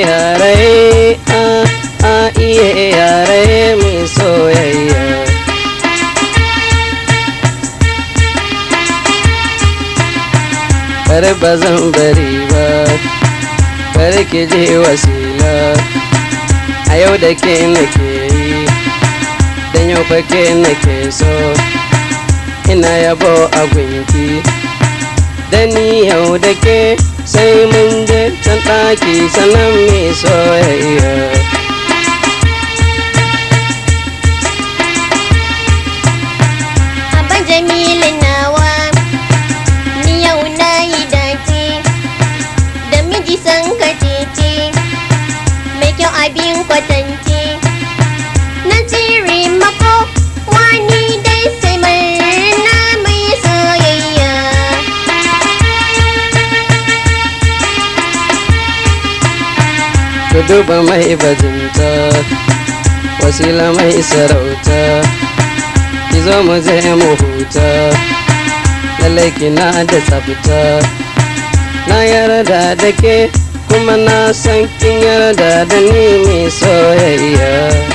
yare a iya yare mai soyayya bari ba zan bari ba bari ki je wasila a yau da ke nake yi don yau fa ke nake so ina yabo a gunki da ni yau da ke sai mun je can ɗaki sanan mai soyayya Aba Jamilu nawa ni yau na yi dace da miji san ka mai kyau abin kwatanta duba mai bajinta wasila mai sarauta ki zo mu je mu huta lallai kina da tsafta na yarda da ke kuma na san kin yarda da ni mai soyayya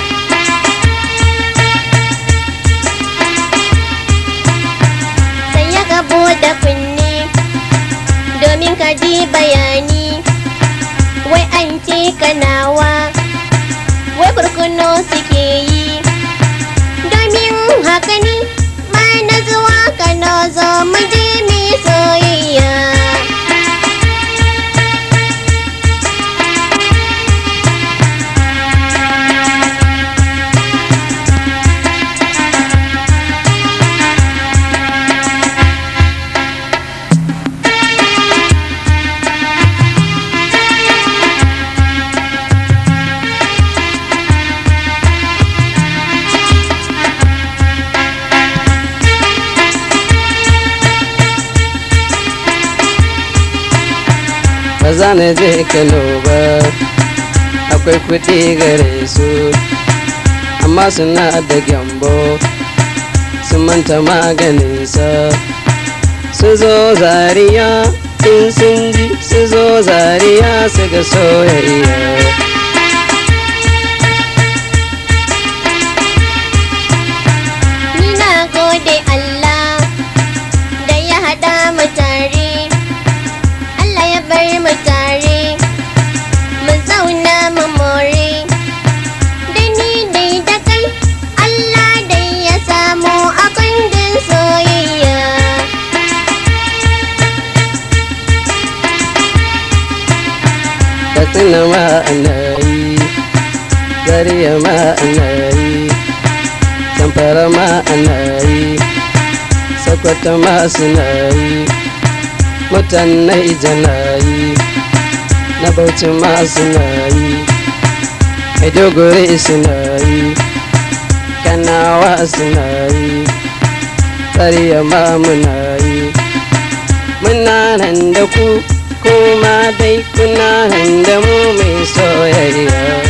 My de... ba za na kano ba akwai kuɗi gare su amma suna da gyambo su manta nisa su zo zariya in sun ji su zo zariya su ga soyayya katsina ma ana yi zariya ma ana yi tamfara ma ana yi sakwata ma suna yi mutane ijana yi na bauchi ma suna yi maidogori suna yi kanawa suna yi tsariya ma muna yi muna nan da ku kuma dai kuna da mai soyayya